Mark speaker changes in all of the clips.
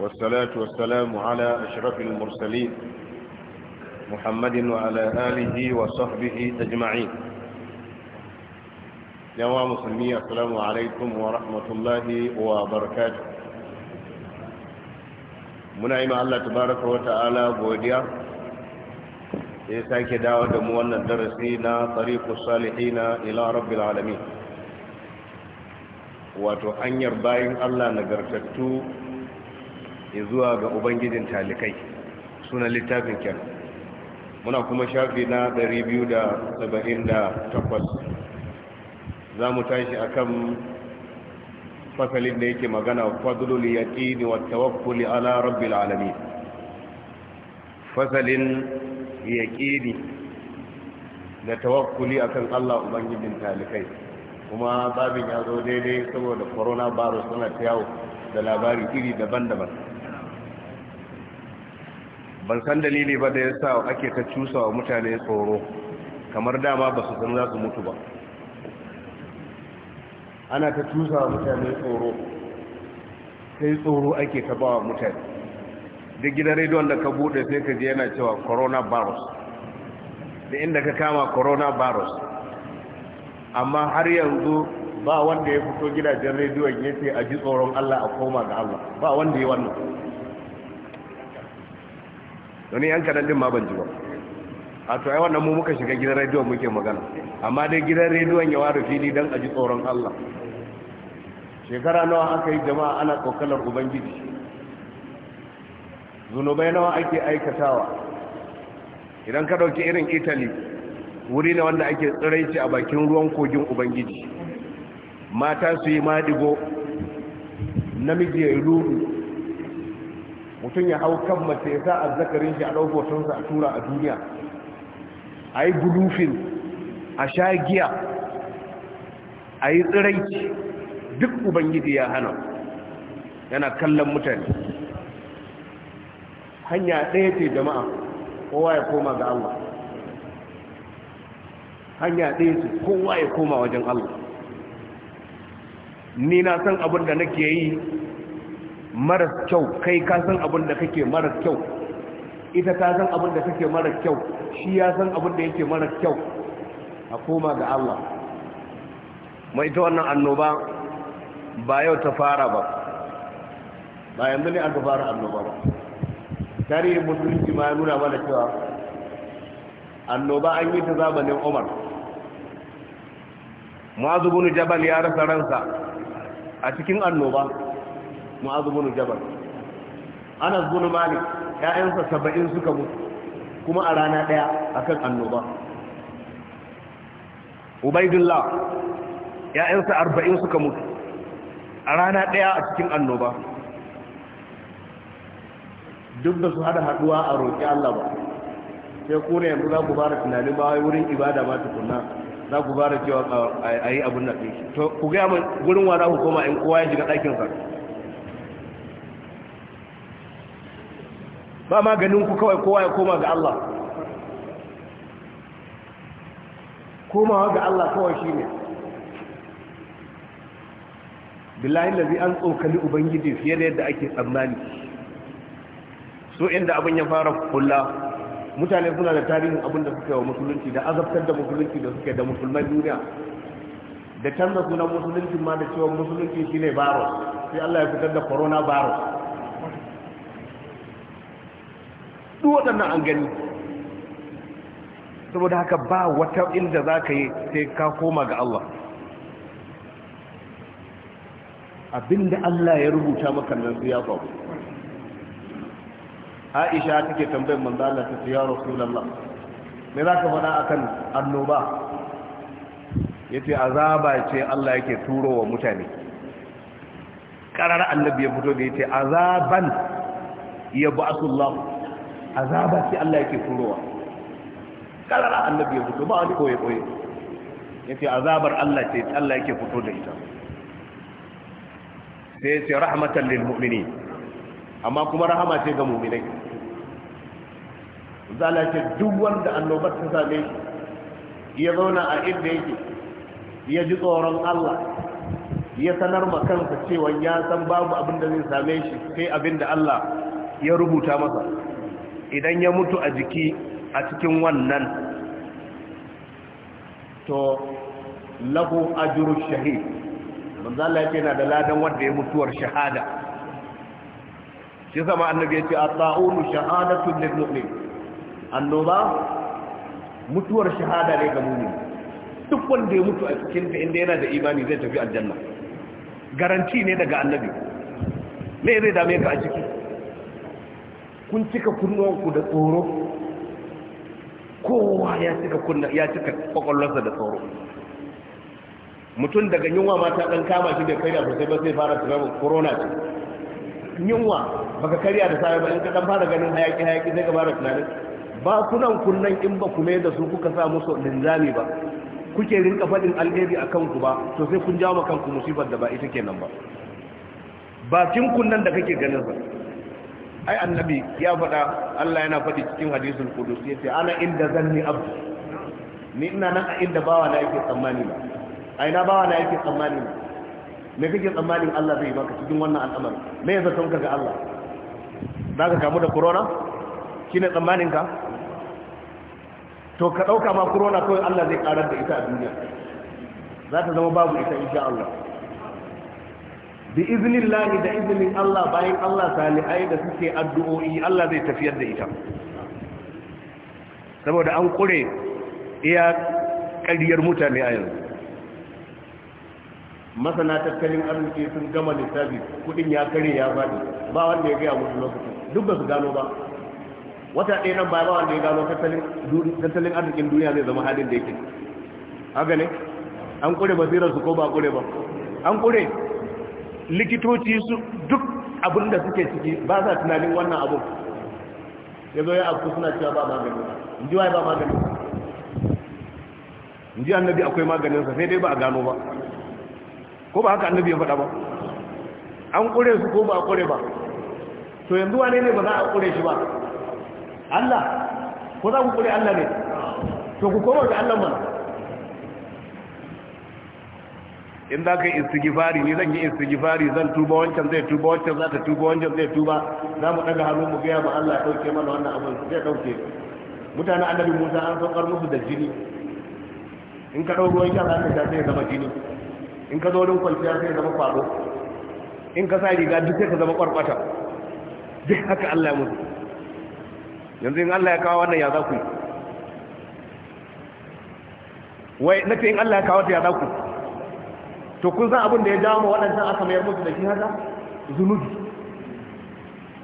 Speaker 1: والصلاة والسلام على أشرف المرسلين محمد وعلى آله وصحبه أجمعين يا مسلمي السلام عليكم ورحمة الله وبركاته muna yi Allah tabaraka wa ta'ala godiya da sake dawo da mu wannan darasi na tsariku salihina ila rabbil alamin wato hanyar bayan Allah nagartattu zuwa ga ubangijin talikai sunan littafin kyan muna kuma shafi na 278 za mu tashi a kan fasalin da yake magana fadlul yaqini wat tawakkuli ala rabbil alamin fasalin yaqini da tawakkuli akan Allah ubangijin talikai kuma babin ya zo daidai saboda coronavirus suna ta yawo da labari iri daban-daban ban san dalili ba da ya sa ake ta cusa wa mutane tsoro kamar dama ba su san za su mutu ba ana ta cusa wa mutane tsoro sai tsoro ake ta ba wa mutane duk gidan rediyon da ka bude sai ka ji yana cewa coronavirus da inda ka kama coronavirus amma har yanzu ba wanda ya fito gidajen rediyon ya ce a ji tsoron allah a koma ga allah ba wanda ya wannan don yan kadan din ma ban ji ba a to ai wannan mu muka shiga gidan rediyon muke magana amma dai gidan rediyon ya ware fili dan aji ji tsoron allah shekara nawa aka yi jama'a ana kokalar ubangiji zunubai nawa ake aikatawa idan ka ɗauki irin italy wuri ne wanda ake tsiraici a bakin ruwan kogin ubangiji mata su yi madigo namiji ya yi rudu mutum ya hau kan mace ya sa zakarin shi a ɗau hotonsa a tura a duniya a yi gulufin a sha giya a yi tsiraici duk ubangiji ya hana yana kallon mutane hanya ɗaya ce jama'a kowa ya koma ga Allah hanya ɗaya ce kowa ya koma wajen Allah ni na san abin da nake yi maras kyau kai ka san abin da kake maras kyau ita ta san abin da kake maras kyau shi ya san abin da yake maras kyau a koma ga Allah mai ita wannan annoba ba yau ta fara ba ba yanzu ne an ta fara annoba ba tarihin musulunci ma ya nuna mana cewa annoba an yi ta zamanin umar mazubin jabal ya rasa ransa a cikin annoba mu'az bin jabal anas bin malik ƴaƴansa saba'in suka mutu kuma a rana ɗaya akan annoba ubaidullah ƴaƴansa arba'in suka mutu a rana ɗaya a cikin annoba duk da su hada haduwa a roƙi Allah ba sai ku ne yanzu za ku fara tunanin ba wai wurin ibada ma tukunna za ku fara cewa a yi abin da to ku gaya mun gurin wa za ku koma in kowa ya shiga ɗakin sa ba maganin ku kawai kowa ya koma ga Allah komawa ga Allah kawai shi ne billahi lalzi an tsokali ubangiji fiye da yadda ake tsammani so inda abin ya fara kula mutane suna da tarihin abin da suke wa musulunci da azabtar da musulunci da suke da musulman duniya da canza sunan musulunci ma da cewa musulunci shi ne virus sai Allah ya fitar da corona virus Su waɗannan an gani saboda haka ba wata inda za ka yi sai ka koma ga Allah abinda Allah ya rubuta maka nan ya faru Aisha take tambayar manzo Allah ta ya Rasulullah me za ka faɗa akan annoba yace azaba ce Allah yake turo wa mutane karar annabi ya fito da yace azaban yab'athullahu azaba ce Allah yake furowa karara annabi ya fito ba wani koye koye ce azabar Allah ce Allah yake fito da ita sai yace rahmatan lil mu'minin amma kuma rahama ce ga mu'minai zala ce duk wanda annobar ta same shi ya zauna a inda yake ya ji tsoron Allah ya sanar ma kansa cewa ya san babu abin da zai same shi sai abin da Allah ya rubuta masa idan ya mutu a jiki a cikin wannan to lahu ajru shahid manzo Allah yake na da ladan wanda ya mutuwar shahada shi zama annabi yake at-ta'unu shahadatu lil mu'min annoba mutuwar shahada ne ga mu'min duk wanda ya mutu a cikin da inda yana da imani zai tafi aljanna garanti ne daga annabi me zai dame ka a ciki kun cika kunnuwanku da tsoro kowa ya cika kunna ya cika kwakwalwarsa da tsoro mutum daga yunwa ma ta ɗan kama shi da da sosai ba sai fara tunanin corona ce yunwa baka karya da safe ba in ka ɗan fara ganin hayaki hayaki sai ka fara tunanin ba kunan kunnan in ba ku da su kuka sa musu linzami ba kuke rinka faɗin alheri a kanku ba to sai kun jawo kanku musibar da ba ita kenan ba bakin kunnan da kake ganin sa ai annabi ya faɗa Allah yana faɗi cikin hadisul qudus yace ana inda zanni abdu ni ina nan a inda bawa na yake tsammani ba ai na bawa na yake tsammani ba me kake tsammanin Allah zai baka cikin wannan al'amari me ya zaton ka ga Allah zaka kamu da corona kina tsammanin ka to ka dauka ma corona kawai Allah zai karar da ita a duniya za ta zama babu ita insha Allah bi iznillahi da iznin Allah bayan Allah salihai da suke addu'o'i Allah zai tafiyar da ita saboda an kure iya ƙaryar mutane a yanzu masana tattalin arziki sun gama lissafi kudin ya kare ya faɗi ba wanda ya gaya musu lokacin duk ba su gano ba wata ɗaya nan ba ba wanda ya gano tattalin arzikin duniya zai zama halin da yake haka ne an kure basirar su ko ba kure ba an kure likitoci su duk abin da suke ciki ba za tunanin wannan abu ya zo ya abu suna cewa ba magani in ji waye ba magani in ji annabi akwai maganinsa sai dai ba a gano ba ko ba haka annabi ya faɗa ba an ƙure su ko ba a ƙure ba to yanzu wane ne ba za a ƙure shi ba Allah ko za ku ƙure Allah ne to ku koma ga Allah mana in za ka yi istigifari ni zan yi istigifari zan tuba wancan zai tuba wancan za ta tuba wancan zai tuba za mu daga hannu mu gaya ba Allah ya dauke mana wannan abin zai dauke mutanen annabi Musa an saukar musu da jini in ka dau ruwan sha za ka sha sai ya zama jini in ka zo wurin kwanciya sai ya zama kwado in ka sa riga duk sai ka zama kwarkwata duk haka Allah ya mutu. yanzu in Allah ya kawo wannan ya za ku yi wai ce in Allah ya kawo ta ya za ku yi to kun san abin da ya jawo waɗancan aka mayar musu da shi haka zunubi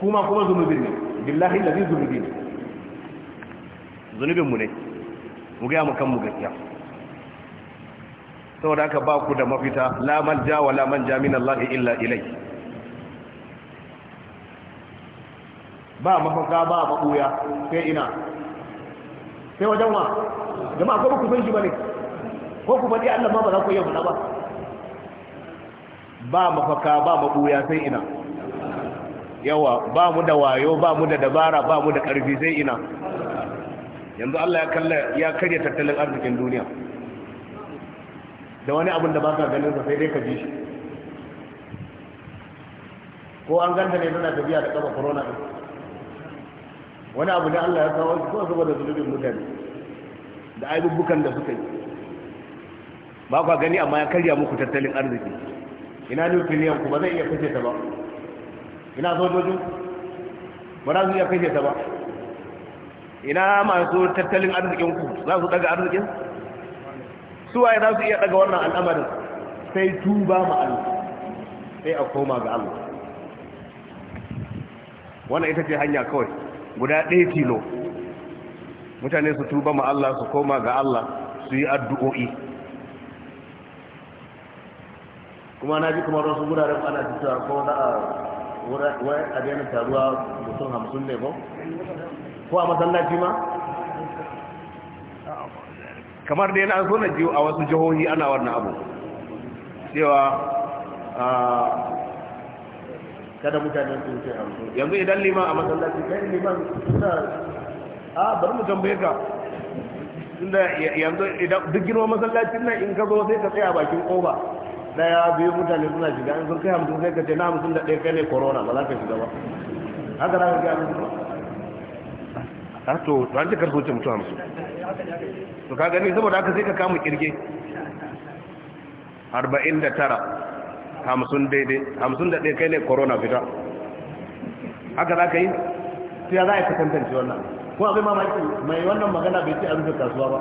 Speaker 1: kuma kuma zunubi ne billahi lazi zunubi ne zunubinmu ne mu gaya mu kanmu gaskiya saboda aka ba ku da mafita la malja wa laman manja min Allah illa ilai ba mafaka ba mabuya sai ina sai wajen wa jama'a ko ba ku san shi ba ne, ko ku faɗi Allah ma ba za ku iya faɗa ba ba mafaka ba mabuya sai ina yawa ba mu da wayo ba mu da dabara ba mu da karfi sai ina yanzu Allah ya kalla ya karya tattalin arzikin duniya da wani abin da ba ka ganin sa sai dai ka ji shi ko an ganta ne tana tafiya da kafa corona din wani abu ne Allah ya kawo shi ko saboda zulubin mutane da ayyukan da suka yi ba ka gani amma ya karya muku tattalin arziki ina nukiliyan ku ba zai iya kashe ta ba ina sojoji ba za su iya kashe ta ba ina masu tattalin arzikin ku za su daga arzikin Su waye za su iya daga wannan al'amarin sai tuba ma Allah sai a koma ga Allah wannan ita ce hanya kawai guda ɗaya tilo mutane su tuba ma Allah su koma ga Allah su yi addu'o'i kuma na ji kamar wasu wuraren ana cewa ko za a wai a daina taruwa mutum hamsin ne ko
Speaker 2: ko a masallaci ma
Speaker 1: kamar da yana so na jiyo a wasu jihohi ana wannan abu cewa kada mutane su ce hamsin yanzu idan liman a masallaci kai liman suna a bari mu tambaye ka inda yanzu idan duk girman masallacin nan in ka zo sai ka tsaya bakin koba daya biyu mutane suna shiga in sun kai hamsin sai ka ce na hamsin da ɗaya kai ne corona ba za ka shiga ba
Speaker 2: haka za ka ga hamsin ba
Speaker 1: a ah, to an ce karfi wuce mutu hamsin
Speaker 2: to ka gani saboda haka sai ka kama
Speaker 1: kirge arba'in da tara hamsin daidai hamsin da ɗaya kai ne corona fita haka za ka yi sai za a yi ka tantance wannan ko abin mamaki mai wannan magana bai ce a rufe kasuwa ba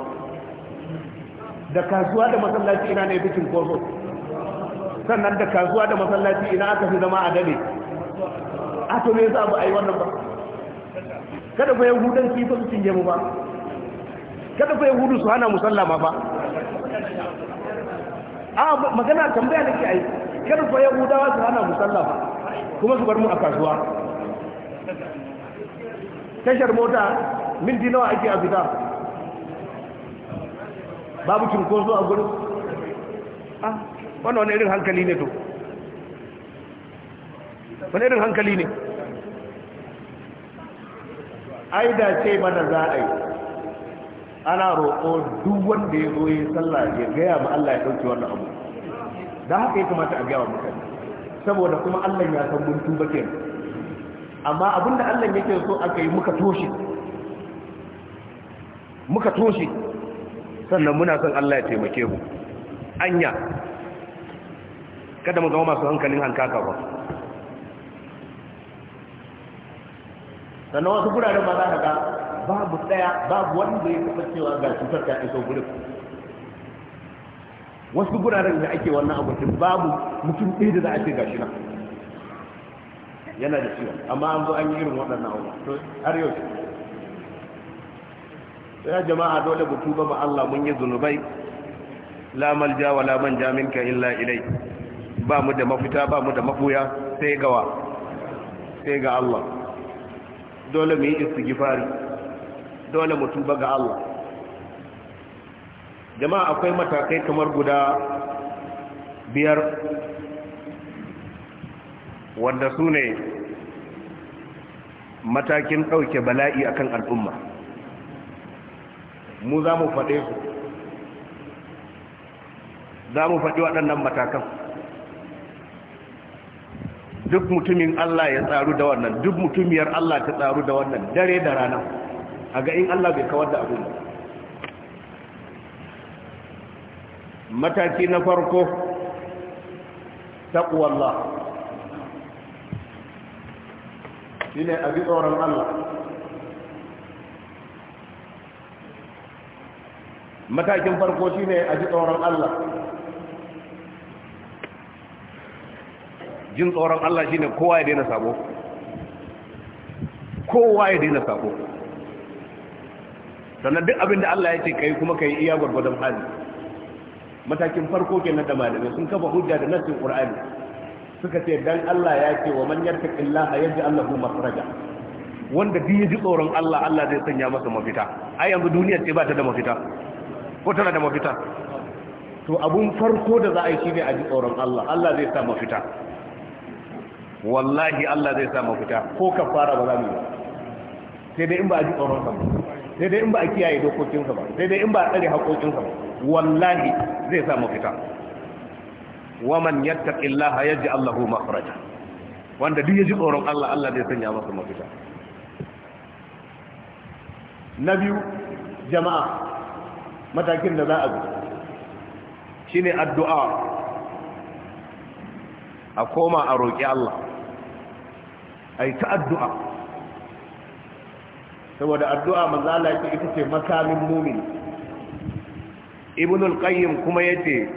Speaker 1: da kasuwa da masallaci ina ne bikin korso
Speaker 2: sannan da kasuwa da masallaci ina aka fi zama a dare
Speaker 1: a to me yasa ba a yi wannan ba kada fa yahudanci kifa su cinye mu ba kada fa hudu su hana musallama ba a magana tambaya nake ai kada ku fa hudawa su hana musallama kuma su bar mu a kasuwa
Speaker 2: tashar mota minti nawa ake a fita babu cinkoso a gudu
Speaker 1: wannan wani irin hankali ne to wani irin hankali ne
Speaker 2: ai da ce mana za a yi
Speaker 1: ana roƙo duk wanda ya zo sallah ya gaya ma Allah ya ɗauki wannan abu da haka ya kamata a gaya wa mutane saboda kuma Allah ya san mun tuba kenan amma abinda Allah yake so aka yi muka toshe muka toshe sannan muna son Allah ya taimake mu anya kada mu zama masu hankalin hankaka ba sannan wasu guraren ba za ka ga babu tsaya babu wanda ya kafa cewa ga cutar ta iso gurin wasu guraren da ake wannan abincin babu mutum ɗaya da za a ce ga shi nan yana da ciwon amma an zo an yi irin waɗannan abu to har yau ya jama'a dole mu tuba ba Allah mun yi zunubai la malja lamar la manja minka illa ba mu da mafita ba mu da mafuya sai gawa sai ga Allah dole mu yi istighfari dole mu tuba ga Allah jama'a akwai matakai kamar guda biyar wanda su ne matakin ɗauke bala'i akan al'umma mu za mu faɗe su za mu faɗi waɗannan matakan duk mutumin Allah ya tsaru da wannan duk mutumiyar Allah ta tsaru da wannan dare da rana a ga in Allah bai kawar da abin mataki na farko taqwallah shine abi tsoron Allah matakin farko shine abi tsoron Allah jin tsoron Allah shi ne kowa ya daina sabo kowa ya daina sabo sannan duk abin da Allah ya ce kai kuma kai iya gwargwadon hali matakin farko ke na da malamai sun kafa hujja da nassin Qur'ani suka ce dan Allah ya ce wa man yattaqillaha yaj'al lahu makhraja wanda bi ya ji tsoron Allah Allah zai sanya masa mafita ai yanzu duniyar ce ba ta da mafita ko tana da mafita to abun farko da za a yi shi ne a ji tsoron Allah Allah zai sa mafita wallahi Allah zai sa mafita ko kafara ba za mu yi sai dai in ba a ji tsoron sa sai dai in ba a kiyaye dokokinsa ba sai dai in ba a tsare haƙoƙinsa ba wallahi zai sa mafita wa man yattaqillaha yaj'al lahu makhraja wanda duk ya ji tsoron Allah Allah zai sanya masa mafita na biyu jama'a matakin da za a bi shine addu'a a koma a roƙi Allah a yi ta addu'a saboda addu'a manzala ce ita ce makamin mumin ibnul qayyim kuma yace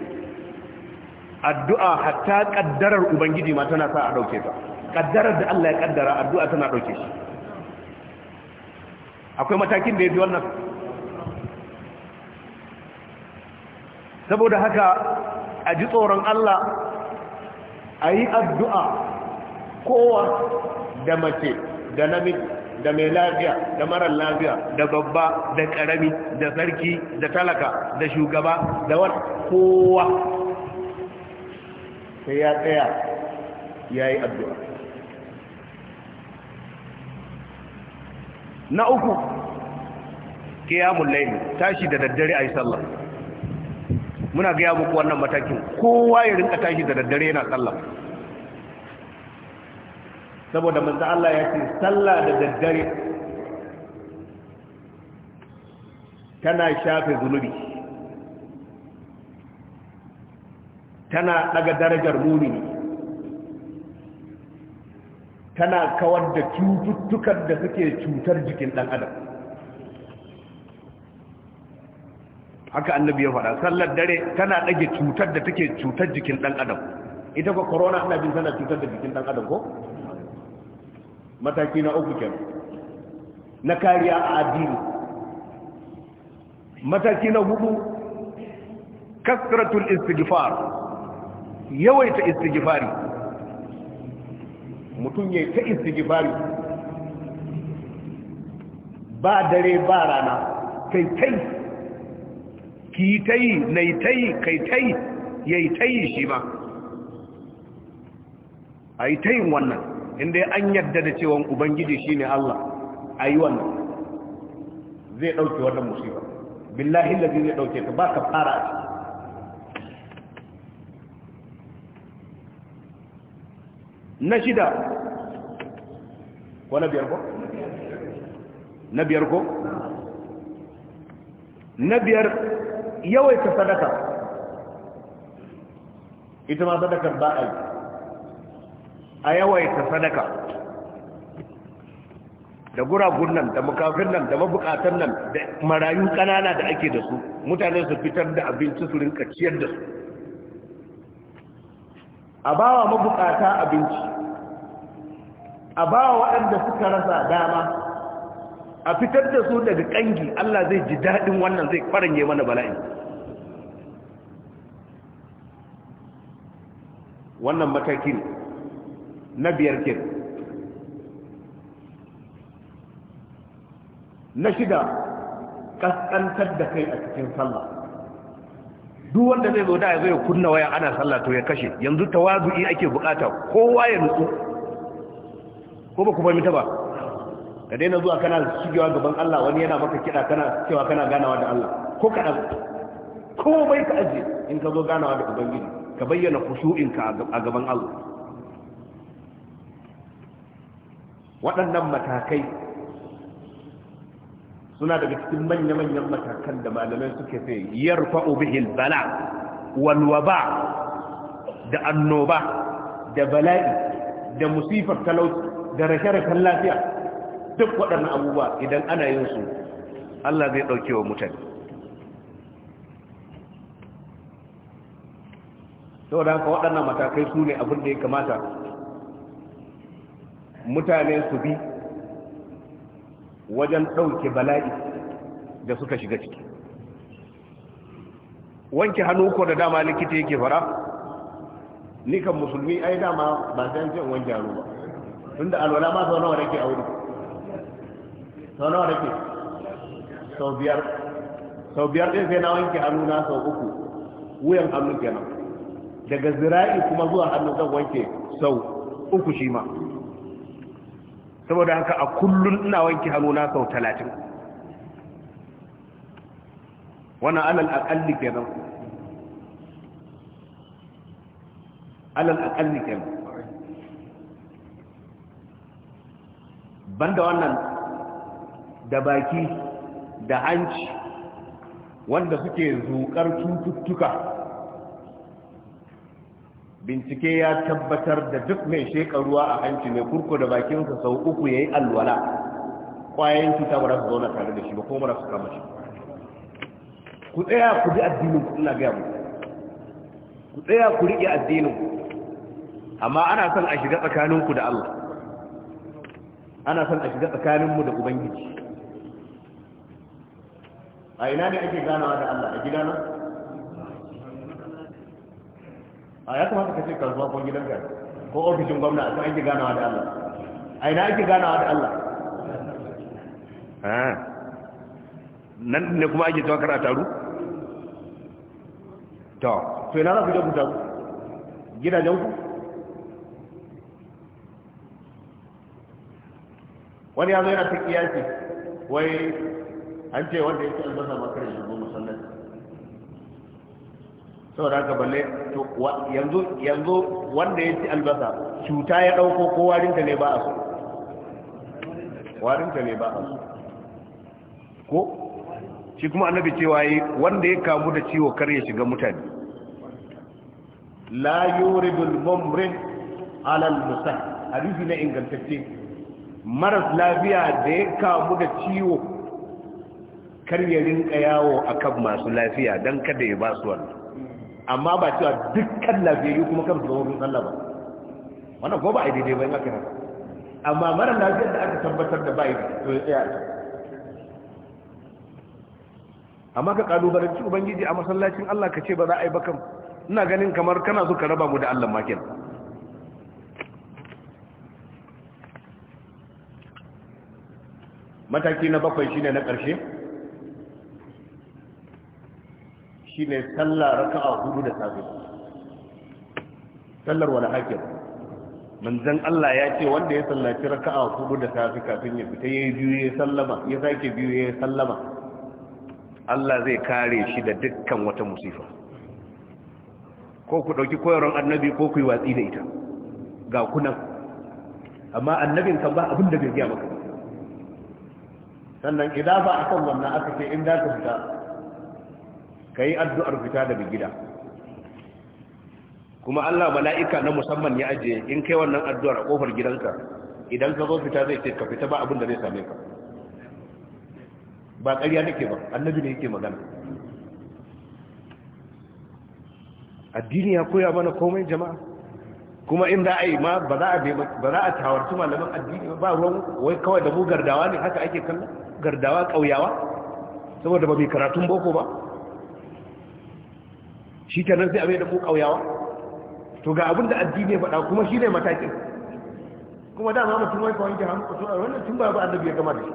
Speaker 1: addu'a hatta ƙaddarar ubangiji ma tana sa a ɗauke ta ƙaddarar da allah ya kaddara addu'a tana ɗauke shi akwai matakin da ya fi wannan saboda haka a ji tsoron allah a yi addu'a kowa da mace da namiji da mai lafiya da marar lafiya da babba da karami da sarki da talaka da shugaba da wani kowa sai ya tsaya ya yi addu'a na uku kiyamun laini tashi da daddare a yi sallah muna gaya muku wannan matakin kowa ya rinka tashi da daddare yana sallah saboda manzo Allah ya ce sallah da daddare tana shafe zunubi tana daga darajar mumini tana kawar da cututtukan da suke cutar jikin dan adam haka annabi ya faɗa sallar dare tana ɗage cutar da take cutar jikin dan adam ita ba corona ana bin sana cutar da jikin dan adam ko mataki na uku kenan na kariya a addini mataki na hudu kasratul istighfar yawaita istighfari mutum ya ta istighfari ba dare ba rana kai kai ki tai nai tai kai tai yayi tai shi ba ai tai wannan inda an yarda da cewa ubangiji shine Allah ayi wannan zai dauke wannan musiba billahi allazi zai dauke ta ba ka fara a ciki na shida ko na biyar ko na biyar ko na biyar yawaita sadaka ita ma sadakar ba a yi a yawaita sadaka da guragun nan da makafin nan da mabukatan nan da marayu kanana da ake da su mutane su fitar da abinci su rinka ciyar da su a bawa mabukata abinci a bawa waɗanda suka rasa dama a fitar da su daga kangi Allah zai ji daɗin wannan zai yi mana bala'i wannan mataki ne na biyar kin na shida kaskantar da kai a cikin sallah duk wanda zai zo da ya zo kunna waya ana sallah to ya kashe yanzu tawazu'i ake bukata kowa ya nutsu ko ba ku fahimta ba ka daina zuwa kana shigewa gaban Allah wani yana maka kiɗa kana cewa kana ganawa da Allah ko kaɗan ko bai ka aje in ka zo ganawa da Ubangiji ka bayyana kushu'inka a gaban Allah waɗannan matakai suna daga cikin manya-manyan matakan da malamai suke sai fa’o bihil bala walwaba, da annoba da bala'i da musifar talauci da rashe-rashen lafiya duk waɗannan abubuwa idan ana yin su Allah zai ɗauke wa mutane saboda haka waɗannan matakai su ne abin da ya kamata mutane su bi wajen ɗauke bala'i da suka shiga ciki wanke hannu ko da dama likita yake fara ni kan musulmi ai dama ba zan jin wanke hannu ba tunda alwala ma sau nawa nake a wuri sau nawa nake sau biyar sau biyar ɗin sai na wanke hannu na sau uku wuyan hannu kenan daga zira'i kuma zuwa hannu zan wanke sau uku shi ma saboda haka a kullum ina wanke hannuna sau talatin wannan alal akalli kenan alal akalli kenan banda wannan da baki da hanci wanda suke zuƙar cututtuka bincike ya tabbatar da duk mai sheka ruwa a hanci mai kurko da bakinsa sau uku ya yi alwala ƙwayoyin cuta ba za su zauna tare da shi ba kuma ba su kama shi ku tsaya ku ji addinin ku ina gaya muku ku tsaya ku riƙe addinin ku amma ana son a shiga tsakaninku da Allah ana son a shiga tsakaninmu da Ubangiji a ina ne ake ganawa da Allah a gidana? a ya kamata ka ce kasuwa ko gidan ko ofishin gwamna a san ake ganawa da Allah a ina ake ganawa da Allah ah. nan ne kuma ake cewa kar a taru to to ina za ku je ku taru gidajen ku wani ya zo yana ta kiyasi wai an ce wanda ya ci albasa makarar goma saboda haka balle to yanzu yanzu wanda ya ci albasa cuta ya dauko ko warinta ne ba a so warinta ne ba a so ko shi kuma annabi cewa yi wanda ya kamu da ciwo kar ya shiga mutane la yuridul mumrin ala al-musah hadisi na ingantacce maras lafiya da ya kamu da ciwo kar ya rinka yawo akan masu lafiya dan kada ya ba su wannan amma ba cewa dukkan lafiyayyu kuma kan zuwa wurin sallah ba wannan ko ba a daidai ba in aka haka amma mara lafiyar da aka tabbatar da bai to ya ta. amma ka kalubalanci ubangiji a masallacin Allah ka ce ba za a yi bakan ina ganin kamar kana zuka ka raba mu da Allah makin mataki na bakwai shine na ƙarshe ne sallah a hudu da safe sallar wani hakim manzan Allah ya ce wanda ya sallaci a hudu da safe kafin ya fita ya biyu ya sallama ya sake biyu ya sallama Allah zai kare shi da dukkan wata musifa ko ku dauki koyarwar annabi ko ku yi watsi da ita ga kunan amma annabin kan ba abin da bai gaya maka sannan idan a kan wannan aka ce in da ka fita ka yi addu'ar fita daga gida kuma Allah mala'ika na musamman ya ajiye in kai wannan addu'ar a ƙofar gidanka idan ka zo fita zai ce ka fita ba abin da zai same ka ba ƙarya nake ba annabi ne yake magana addini ya koya mana komai jama'a kuma in da a yi ma ba za a tawarci malaman addini ba ruwan wai kawai da mu gardawa ne haka ake kallon gardawa ƙauyawa saboda ba mai karatun boko ba shi kenan nan zai mai da ku ƙauyawa to ga abinda addini ya faɗa kuma shi ne matakin kuma dama mutum wai kawai ke hannu su a wannan tun ba ba annabi ya gama da shi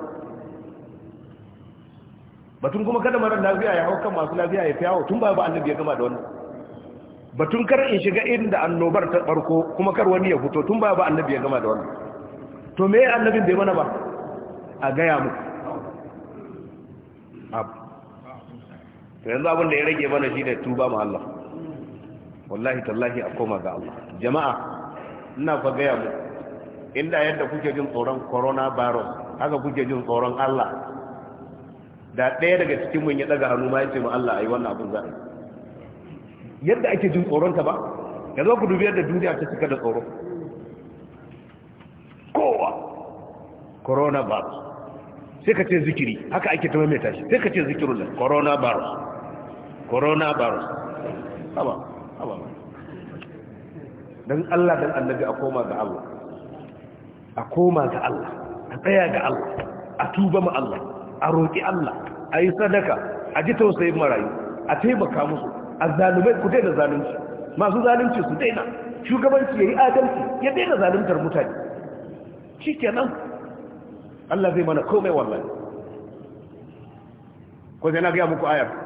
Speaker 1: batun kuma kada mara lafiya ya hau kan masu lafiya ya fi yawo tun ba ba annabi ya gama da wannan batun kar in shiga irin da annobar ta farko kuma kar wani ya fito tun ba ba annabi ya gama da wannan to me annabin bai mana ba a gaya muku to yanzu abin da ya rage mana shi ne tuba ma Allah wallahi tallahi a koma ga Allah jama'a ina fa gaya mu inda yadda kuke jin tsoron coronavirus haka kuke jin tsoron Allah da ɗaya daga cikin mun ya daga hannu ma ya ce ma Allah ai wannan abin za'a yadda ake jin tsoron ta ba yanzu ku dubi yadda duniya ta cika da tsoro kowa coronavirus sai ka ce zikiri haka ake ta mai tashi. sai ka ce zikirun nan coronavirus Corona virus haba haba don Allah don annabi a koma ga Allah a koma ga Allah a tsaya ga Allah a tuba ma Allah a roƙi Allah a yi sadaka a ji tausayin marayu a taimaka musu a zalumai ku daina zalunci masu zalunci su daina shugabanci ya yi adalci ya daina zaluntar mutane shi kenan Allah zai mana komai wallahi ko zai na gaya muku ayar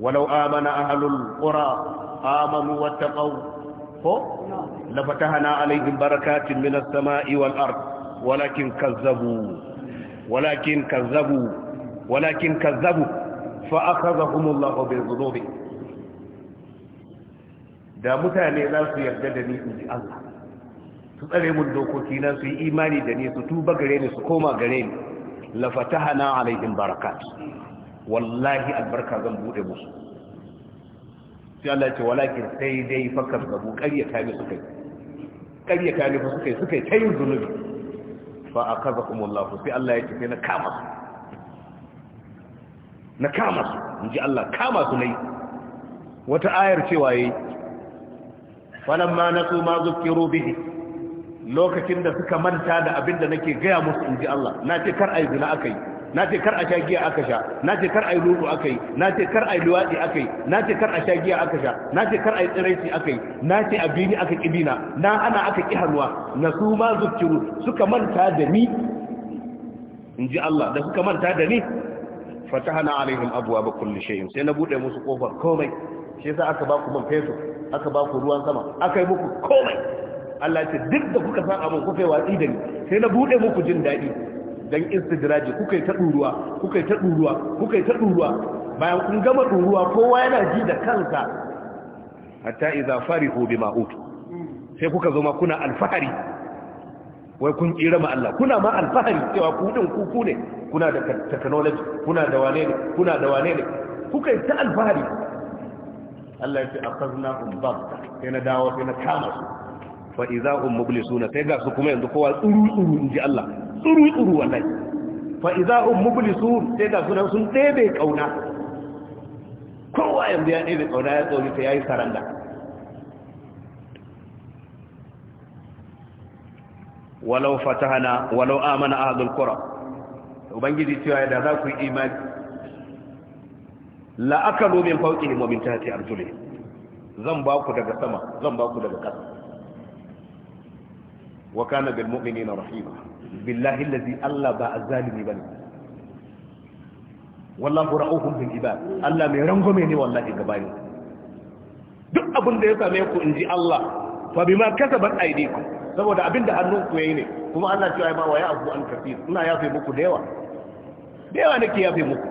Speaker 1: walau amana ahlul qura amanu wattaqaw ko lafatahana alaihim barakatin minas sama'i wal walakin kazzabu walakin kazzabu walakin kazzabu fa da mutane za su yarda da ni inji Allah su tsare mun dokoki na su yi imani da ni su tuba gare ni su koma gare ni lafatahana alaihim barakat wallahi albarka zan bude musu sai Allah ya ce walakin sai dai fakar gabu ƙarya kame suka yi ƙarya kame fa suka yi suka yi ta yin zunubi fa akazakum Allah sai Allah ya ce sai na kama su na kama su in ji Allah kama su nayi wata ayar cewa yi falamma nasu ma zukkiru bihi lokacin da suka manta da abin da nake gaya musu in ji Allah na ce kar a yi zina aka yi na ce kar a sha giya aka sha na ce kar a yi lulu aka yi na ce kar a yi luwaɗi aka yi na ce kar a sha giya aka sha na ce kar a yi tsiraici aka yi na ce a bini aka ƙi bina na ana aka ƙi hannuwa na su ma zukkiru suka manta da ni in ji Allah da suka manta da ni fatahana alaihim abuwa ba kulli shay'in sai na buɗe musu kofar komai shi yasa aka ba ku man feso aka ba ku ruwan sama aka yi muku komai Allah ya ce duk da kuka san abin kufewa ni sai na buɗe muku jin daɗi dan istidraji kuka yi ta ɗuruwa kuka yi ta ɗuruwa kuka yi ta ɗuruwa bayan kun gama ɗuruwa kowa yana ji da kansa hatta idza farihu bima utu sai kuka zo ma kuna alfahari wai kun kira ma Allah kuna ma alfahari cewa ku din ku ne kuna da technology kuna da wane ne kuna da wane ne kuka yi ta alfahari Allah ya ce akhadnahum bagh sai na dawo sai na kama su fa idza hum mublisuna sai ga su kuma yanzu kowa tsuru tsuru inji Allah tsuru tsuru wallahi fa idza hum mublisun sai ga su nan sun ɗebe kauna kowa yanzu ya ɗebe kauna ya tsori ta yayi saranda walau fatahana walau amana ahadul qura ubangiji cewa da za ku yi imani la akalu min fawqihim wa min tahti arjulihim zan ba ku daga sama zan ba ku daga ƙasa wa kana bil mu'minina rahima billahi allazi Allah ba azzalimi bane wallahu ra'uhum bil ibad Allah mai rangwame ne wallahi gabani duk abin da ya same ku inji Allah fa bima kasabat aydikum saboda abinda hannun ku yayi ne kuma Allah cewa ba wa ya abu an kafir ina yafe muku da yawa da yawa nake yafe muku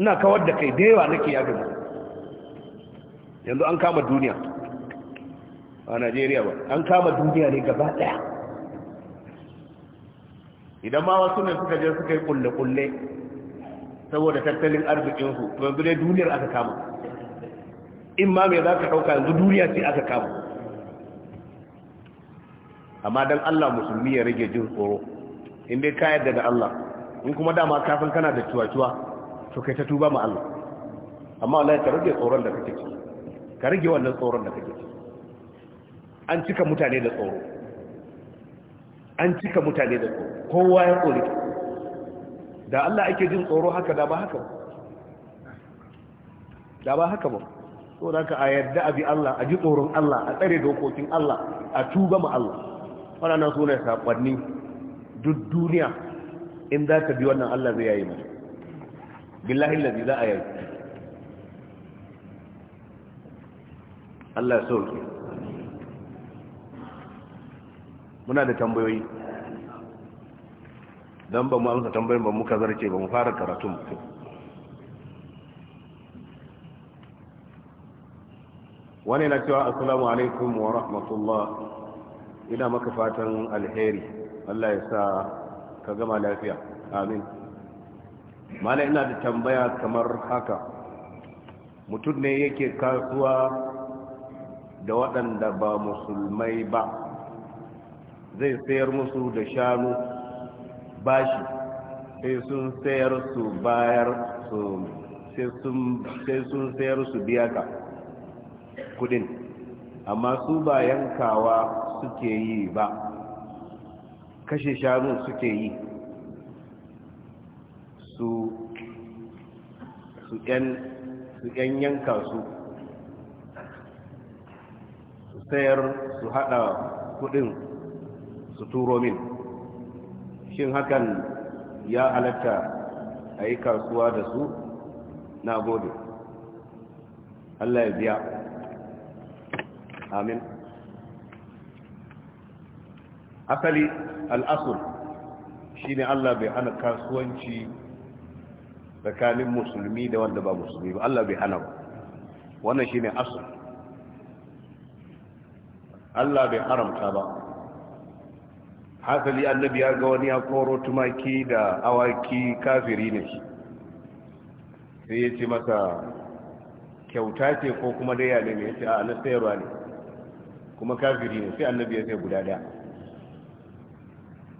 Speaker 1: ina kawar da kai da yawa nake yafe muku yanzu an kama duniya a najeriya ba an kama duniya ne gaba daya idan ma wasu ne suka je suka yi kulle-kulle saboda tattalin arzikinsu to yanzu dai duniyar aka kama in ma mai za ka ɗauka yanzu duniya ce aka kama amma don allah musulmi ya rage jin tsoro in dai ka yadda da allah in kuma dama kafin kana da cuwa-cuwa to kai ta tuba ma allah amma allah ka rage tsoron da kake ci ka rage wannan tsoron da kake ci. an cika mutane da tsoro an cika mutane da tsoro kowa ya tsoro da Allah ake jin tsoro haka da ba haka ba da ba haka ba so da ka a a bi Allah a ji tsoron Allah a tsare dokokin Allah a tuba ma Allah waɗannan sunan saƙonni duk duniya in za ka bi wannan Allah zai yayi mata billahi lazi za a yayi Allah ya sauke muna da tambayoyi don ba mu amsa tambayin ba muka zarce ba mu fara karatun wani na cewa assalamu alaikum wa rahmatullah ina maka fatan alheri Allah ya sa ka gama lafiya amin mana ina da tambaya kamar haka mutum ne yake kasuwa da waɗanda ba musulmai ba zai sayar musu da shanu bashi sai sun sayar su bayar su sai sun sayar su biya kudin amma su ba yankawa suke yi ba kashe shanu suke yi su su yan yanka su su sayar su hada kudin su turo min shin hakan ya halatta a yi kasuwa da su na gode Allah ya biya amin asali al'asul shi ne Allah bai hana kasuwanci tsakanin musulmi da wanda ba musulmi ba Allah bai hana ba wannan shi ne asul Allah bai haramta ba hasali annabi ya ga wani ya koro tumaki da awaki kafiri ne shi sai ya ce masa kyauta ce ko kuma dai yale ne ya ce a na sayarwa ne kuma kafiri ne sai annabi ya sai guda daya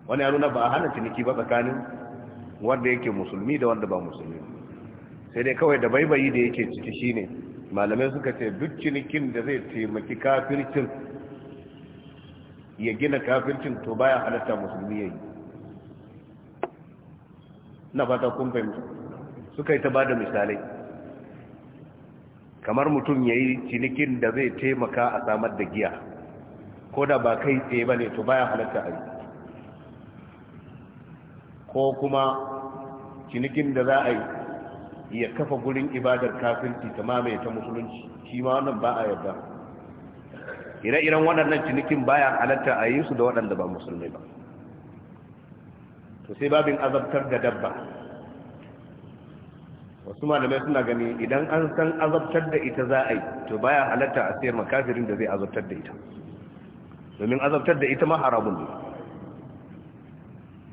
Speaker 1: wani ya ba a hana ciniki ba tsakanin wanda yake musulmi da wanda ba musulmi sai dai kawai da baibayi da yake ciki shine malamai suka ce duk cinikin da zai taimaki kafircin ya gina kafircin to baya halatta musulmi yayi na fata kun fahimta suka yi ta bada misalai kamar mutum ya yi cinikin da zai taimaka a samar da giya ko da ba kai tsaye ba ne to baya halatta a yi ko kuma cinikin da za a yi ya kafa gurin ibadar kafirci ta mamaye ta musulunci shi ma wannan ba a yarda ire-iren waɗannan cinikin baya halatta a yi su da waɗanda ba musulmi ba to sai babin azabtar da dabba wasu malamai suna gani idan an san azabtar da ita za a yi to baya halatta a sayar makafirin da zai azabtar da ita domin azabtar da ita ma haramun ne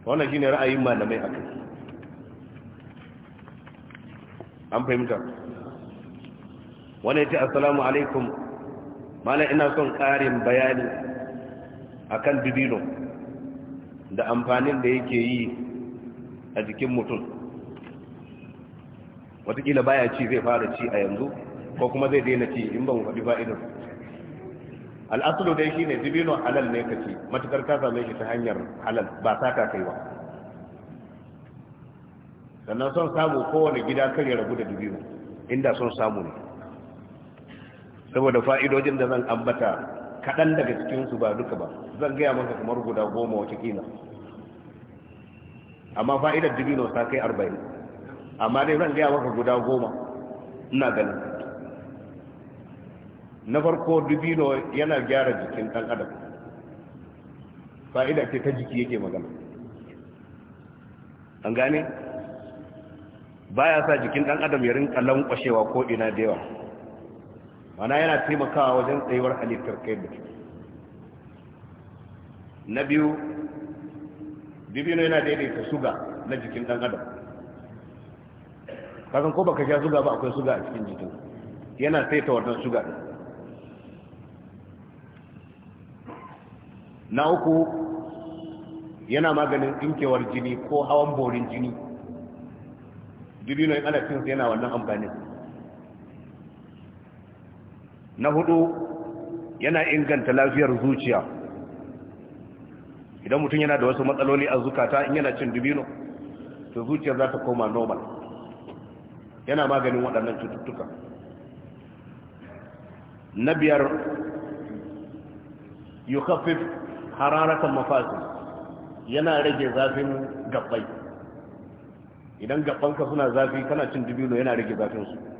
Speaker 1: wannan shine ra'ayin malamai akai an fahimta wani ya ce assalamu alaikum mana ina son ƙarin bayani akan dibino da amfanin da yake yi a jikin mutum watakila baya ci zai fara ci a yanzu ko kuma zai daina ci in ban faɗi fa'idar al'asulu dai shine dibino halal ne ka ci matukar ka same shi ta hanyar halal ba sa ka kaiwa sannan son samu kowane gida kar ya rabu da dibino inda son samu ne saboda fa'idojin da zan ambata kaɗan daga cikinsu ba duka ba zan gaya maka kamar guda goma wace kila amma fa'idar dubino ta kai arba'in amma dai zan gaya maka guda goma ina ganin na farko dubino yana gyara jikin ɗan adam fa'ida ce ta jiki yake magana an gane Ba ya sa jikin ɗan adam ya rinka lankwashewa ko ina da yawa mana yana taimakawa wajen tsayuwar halittar kai da ciki na biyu dibino yana daidaita suga na jikin ɗan adam kasan ko baka sha suga ba akwai suga a cikin jikin yana saita wannan suga na uku yana maganin ɗinkewar jini ko hawan borin jini dibino yana cin yana wannan amfanin na hudu yana inganta lafiyar zuciya idan mutum yana da wasu matsaloli a zukata in yana cin dubino to zuciya za ta koma normal yana maganin waɗannan cututtuka na biyar yukhafif hararatan mafasi yana rage zafin gabbai idan gabbanka suna zafi kana cin dubino yana rage zafinsu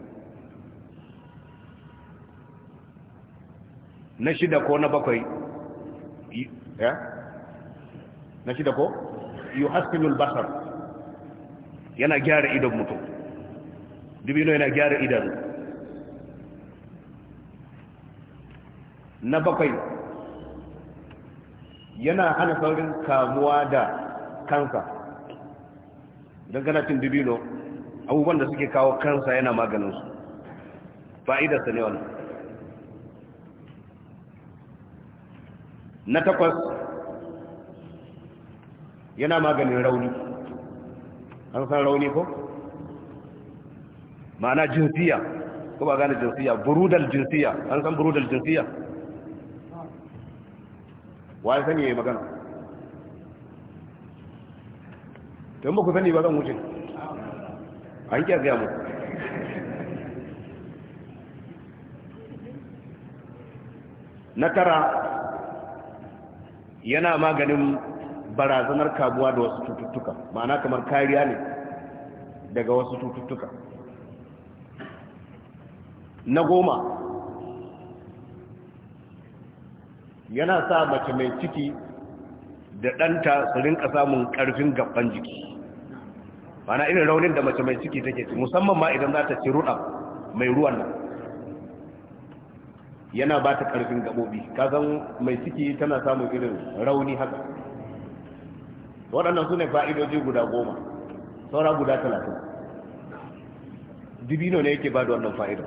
Speaker 1: na shida ko na bakwai ya na shida ko yuhassinul basar yana gyara idon mutum dubino yana gyara idan na bakwai yana hana saurin kamuwa da kansa don kana cin dubino abubuwan da suke kawo kansa yana maganinsu fa'idarsa ne wannan na takwas yana maganin rauni an san rauni ko ma'ana jinsiya ko ba gane jinsiya burudal jinsiya an san burudal jinsiya wa ya sani ya yi magana tun ba ku sani ba zan wuce an kyar gaya muku na tara yana maganin barazanar kabuwa da wasu cututtuka ma'ana kamar kariya ne daga wasu cututtuka na goma yana sa mace mai ciki da ɗanta su rinka samun ƙarfin gaban jiki ma'ana irin raunin da mace mai ciki take ci musamman ma idan za ta ci ruɗa mai ruwan nan yana ba ta karfin gabobi kasan mai ciki tana samun irin rauni haka waɗannan su ne fa'idoji guda goma saura guda talatin dibino ne yake ba da wannan fa'ida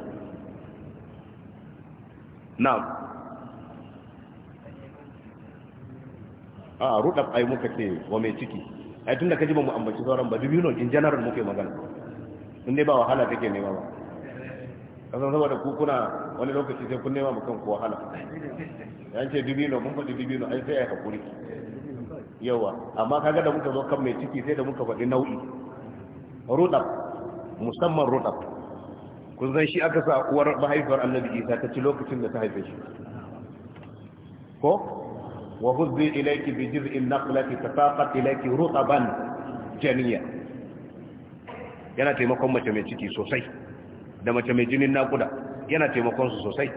Speaker 1: na a ruɗa ai muka ce wa mai ciki ai tun da ka ji ba mu ambaci sauran ba dibino in general muke magana inda ba wahala take nema ba kasar zama da kukuna wani lokaci sai kun nema mukan ko wahala yan ce dibino mun faɗi dibino ai sai ai hakuri yawa amma kaga da muka zo kan mai ciki sai da muka faɗi nau'i rudab musamman rudab kun san shi aka sa uwar mahaifiyar annabi isa ta ci lokacin da ta haife shi ko wa huzzi ilayki bi jiz'in naqlati tataqat ilayki rutaban janiya yana taimakon mace mai ciki sosai da mace mai jinin nakuda yana taimakon su sosai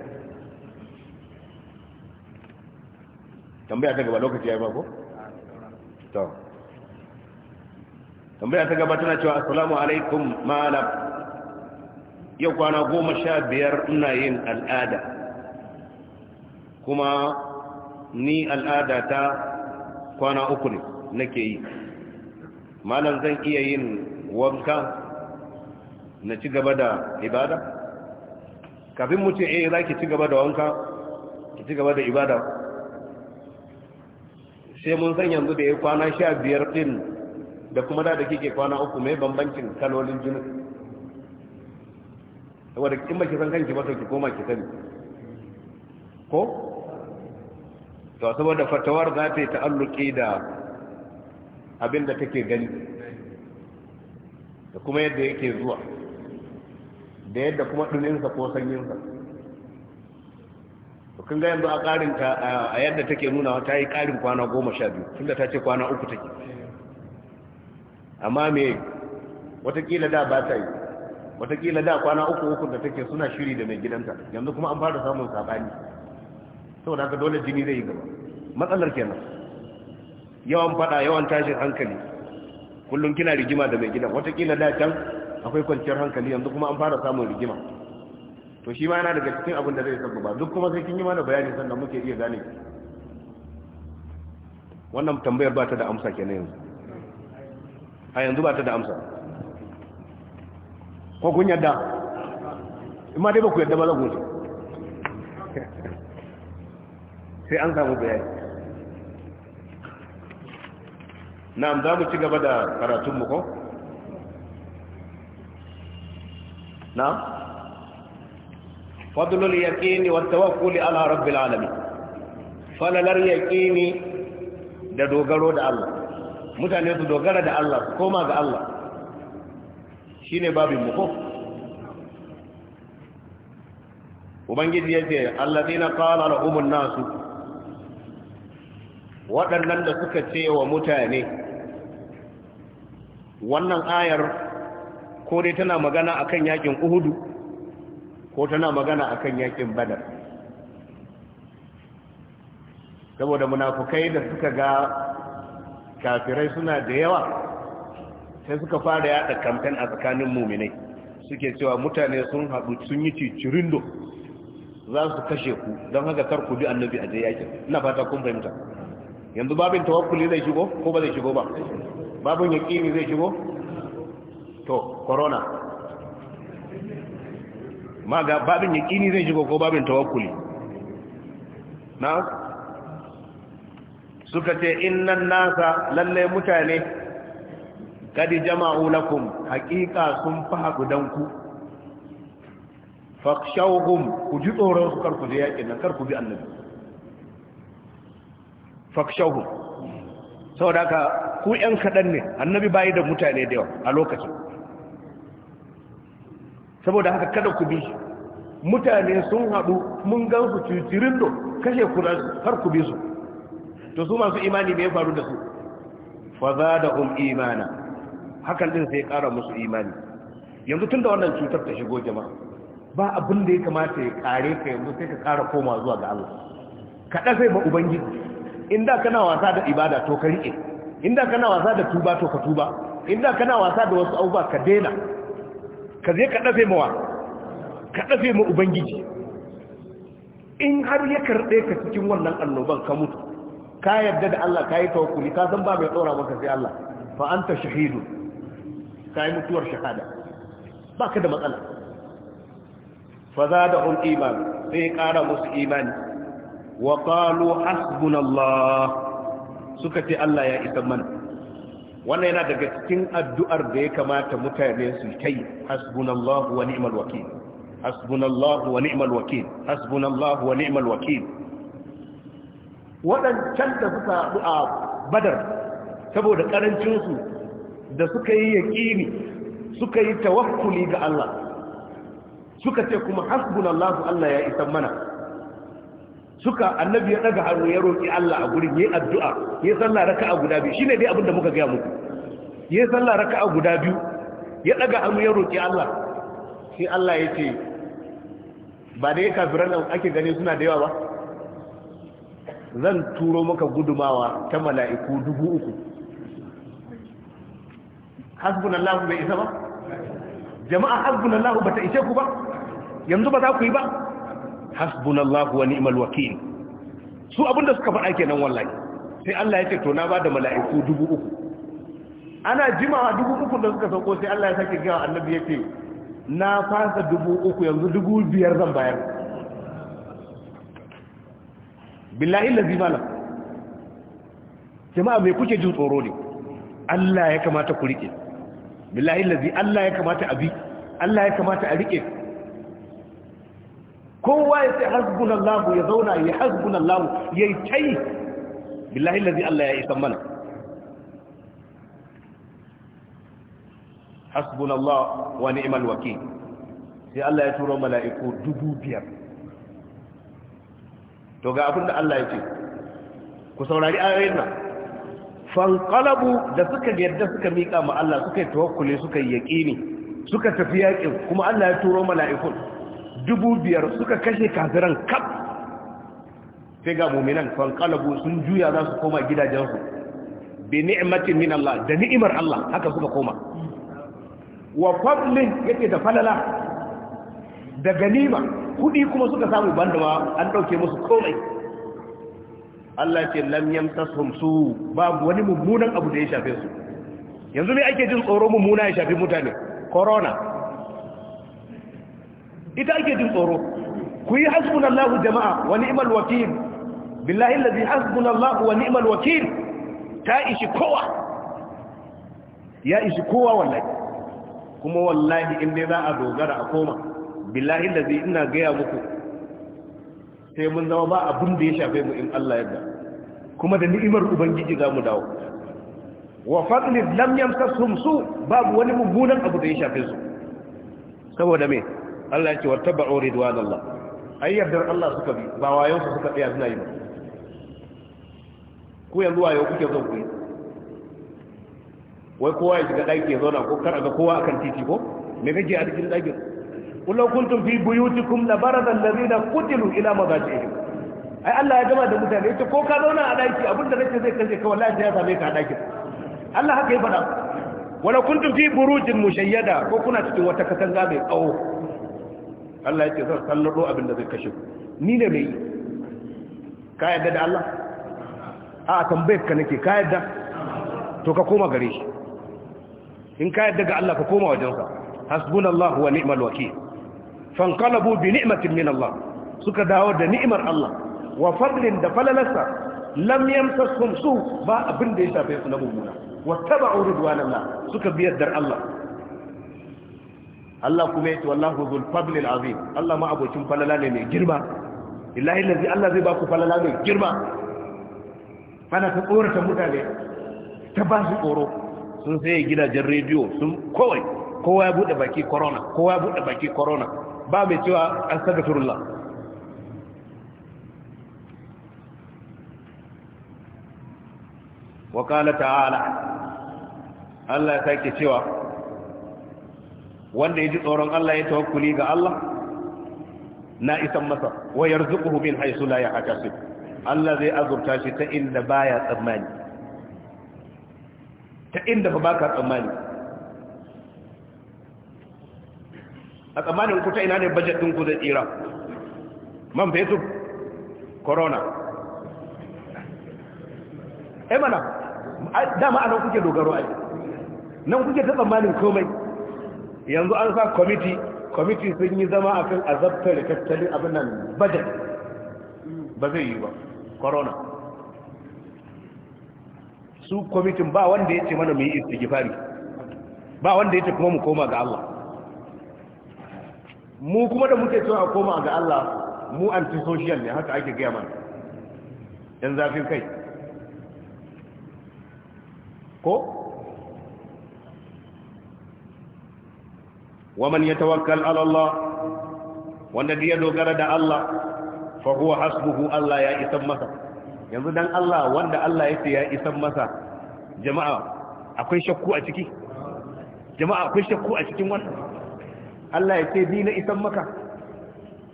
Speaker 1: tambaya ta gaba lokaci ya yi mako? to tambaya ta gaba tana cewa assalamu alaikum malam yau kwana goma sha biyar ina yin al'ada kuma ni al'ada ta kwana uku ne nake yi malam zan iya yin wanka na ci gaba da ibada kafin mu ce eh za ki ci gaba da wanka ki ci gaba da ibada sai mun san yanzu da ya kwana sha biyar din da kuma da da kike kwana uku mai bambancin kalolin jini saboda in ba ki san kanki ba to ki koma ki sani ko to saboda fatawar za ta yi ta'alluki da abin da take gani da kuma yadda yake zuwa da yadda kuma ɗuninsa ko sanyinsa to kun ga yanzu a ƙarin ta a yadda take nuna ta yi ƙarin kwana goma sha biyu tunda ta ce kwana uku take amma me watakila da ba ta yi watakila da kwana uku uku da take suna shiri da mai gidanta yanzu kuma an fara samun saɓani da haka dole jini zai yi gaba matsalar kenan yawan faɗa yawan tashin hankali kullum kina rigima da mai gidan watakila da can akwai kwanciyar hankali yanzu kuma an fara samun rigima to shi ma yana daga cikin abin da zai sabbaba duk kuma sai kin yi mana bayani sannan muke iya gane wannan tambayar ba ta da amsa kenan yanzu a yanzu ba ta da amsa ko kun yadda in ma dai ba ku yadda ba zan yi. sai an samu bayani na'am za mu ci gaba da mu ko na fadlul yaqini wa tawakkuli ala rabbil alamin falalar yaqini da dogaro da Allah mutane su dogara da Allah koma ga Allah shine babin mu ko ubangiji ya ce allazina qala an nasu waɗannan da suka ce wa mutane wannan ayar ko dai tana magana akan yakin uhudu ko tana magana akan yakin badar saboda munafukai da suka ga kafirai suna da yawa sai suka fara yada kamfen a tsakanin muminai suke cewa mutane sun haɗu sun yi cicirindo za su kashe ku don haka kar ku bi annabi a yakin ina fata kun fahimta yanzu babin tawakkuli zai shigo ko ba zai shigo ba babin yaƙini zai shigo to corona
Speaker 2: ma ga babin yakini zai shigo ko
Speaker 1: babin tawakkuli na suka ce innan nasa lalle mutane kadi jama'u lakum haqiqa sun fi haɗu don ku ku ji tsoron su karku da yakin nan karku bi annabi fakshauhum sau da ka ku ‘yan kaɗan ne annabi bai da mutane da yawa a lokacin saboda haka kada ku bi mutane sun haɗu mun gan su cicirin do kashe kuransu har ku bi su to su masu imani mai faru da su faza da um imana hakan din sai ƙara musu imani yanzu tun da wannan cutar ta shigo jama'a ba abin da ya kamata ya ƙare ka yanzu sai ka ƙara koma zuwa ga Allah ka ɗafe ba ubangiji inda kana wasa da ibada to ka riƙe inda kana wasa da tuba to ka tuba inda kana wasa da wasu abubuwa ka daina ka je ka dafe mawa ka dafe ma ubangiji in har ya karbe ka cikin wannan annoban ka mutu ka yarda da Allah ka yi tawakkuli ka san ba mai tsora maka sai Allah fa anta shahidu ka yi mutuwar shahada ba ka da matsala fa za da un iman sai kara musu imani wa qalu hasbunallah suka ce Allah ya isa mana wannan yana daga cikin addu'ar da ya kamata mutane su kai hasbunallahu wa ni'mal wakil hasbunallahu wa ni'mal wakil hasbunallahu wa ni'mal wakil waɗancan da suka haɗu a badar saboda ƙarancinsu da suka yi yaƙini suka yi tawakkuli ga Allah suka ce kuma hasbunallahu Allah ya isan mana suka annabi ya daga hannu ya roƙi Allah a gurin yayin addu'a ya sallah raka'a guda biyu shine dai abin da muka ga muku ya sallah raka'a guda biyu ya daga hannu ya roƙi Allah sai Allah ya ce ba dai kafiran nan ake gani suna da yawa ba zan turo maka gudumawa ta mala'iku dubu uku hasbunallahu bai isa ba jama'a hasbunallahu bata ishe ku ba yanzu ba za ku yi ba hasbunallahu wa ni'mal wakil su abinda suka faɗa kenan wallahi sai Allah ya ce to na ba da mala'iku dubu uku ana jimawa dubu uku da suka sauko sai Allah ya sake gawa annabi ya ce na fasa dubu uku yanzu dubu biyar zan bayar billahi lazi malam jama'a mai kuke jin tsoro ne Allah ya kamata ku rike billahi lazi Allah ya kamata a bi Allah ya kamata a rike kowa ya ce hasbunallahu ya zauna ya hasbunallahu ya yi tai billahi lazi Allah ya yi san mana hasbunallah wa ni'mal waki sai Allah ya turo mala'iku dubu biyar to ga abinda Allah ya ce ku saurari ayoyin nan fanqalabu da suka yarda suka miƙa ma Allah suka yi tawakkuli suka yi yaqini suka tafi yaƙin kuma Allah ya turo mala'ikun dubu biyar suka kashe kafiran kaf sai ga muminan fankalabu sun juya za su koma gidajensu bi ni'matin min Allah da ni'imar Allah haka suka koma wa fadli yake da falala da ganima kudi kuma suka samu banda ma an dauke musu komai Allah ce lam yamtasum su babu wani mummunan abu da ya shafe su yanzu me ake jin tsoro mummuna ya shafi mutane corona ita ake jin tsoro ku yi hasbunallahu jama'a wa ni'mal wakil billahi allazi hasbunallahu wa ni'mal wakil ta ishi kowa ya ishi kowa wallahi kuma wallahi in dai za a dogara a koma billahi allazi ina gaya muku sai mun zama ba abin da ya shafe mu in Allah yadda kuma da ni'imar ubangiji za mu dawo wa fadlin lam yamsasum su babu wani mugunan abu da ya shafe su saboda me Allah ya ce wa taba'u ridwanallah ai yardar Allah suka bi ba wayo su suka tsaya suna yi ba ku yanzu wayo kuke zo ku yi wai kowa ya shiga daki ya zauna ko kar ga kowa akan titi ko me kake a cikin daki kullu kuntum fi buyutikum la barada alladhina qutilu ila madajihim ai Allah ya gama da mutane yace ko ka zauna a daki abinda kake zai kace ka wallahi ya same ka a dakin
Speaker 2: Allah haka ya faɗa
Speaker 1: wala kuntum fi burujin mushayyada ko kuna cikin wata katanga mai tsawo Allah ya yake zan sallado abin da zai kashe ku ni ne mai ka yadda da Allah a tambayar ka nake ka yadda to ka koma gare shi in ka yadda ga Allah ka koma wajensa hasbunallahu wa ni'mal wakeel fanqalabu bi ni'matin min Allah suka dawo da ni'mar Allah wa fadlin da falalarsa lam yamsasuhum su ba abin da ya shafe su na mummuna wattaba'u ridwanallah suka biyar dar Allah Allah kuma ya ce wallahu zul fadl al azim Allah ma abocin falala ne mai girma illahi allazi Allah zai ba ku falala mai girma ana ta tsorata mutane ta ba su tsoro sun sai gidajen rediyo sun kowai kowa ya bude baki corona kowa ya bude baki corona ba mai cewa an saka turullah wa qala ta'ala Allah ya sake cewa wanda ya ji tsoron Allah ya tawakkuli ga Allah na isan masa wa yarzuquhu min haythu la yahtasib Allah zai azurta shi ta inda baya tsammani ta inda ba baka tsammani a tsammanin ku ta ina ne budget ɗin ku zai tsira man fetur corona
Speaker 2: eh mana dama anan kuke dogaro ai nan kuke ta tsammanin komai
Speaker 1: yanzu an sa kwamiti kwamiti sun yi zama azabta da tattalin abin nan budget ba zai yi ba corona su kwamitin ba wanda ya ce mana mu yi istighfari ba wanda ya ce kuma mu koma ga Allah mu kuma da muke cewa koma ga Allah mu antisocial ne haka ake gaya mana yan zafin kai ko wa man yatawakkal ala Allah wanda ya dogara da Allah fa hasbuhu Allah ya isan masa yanzu dan Allah wanda Allah yake ya isan masa jama'a akwai shakku a ciki jama'a akwai shakku a cikin wannan Allah ya ce ni na isan maka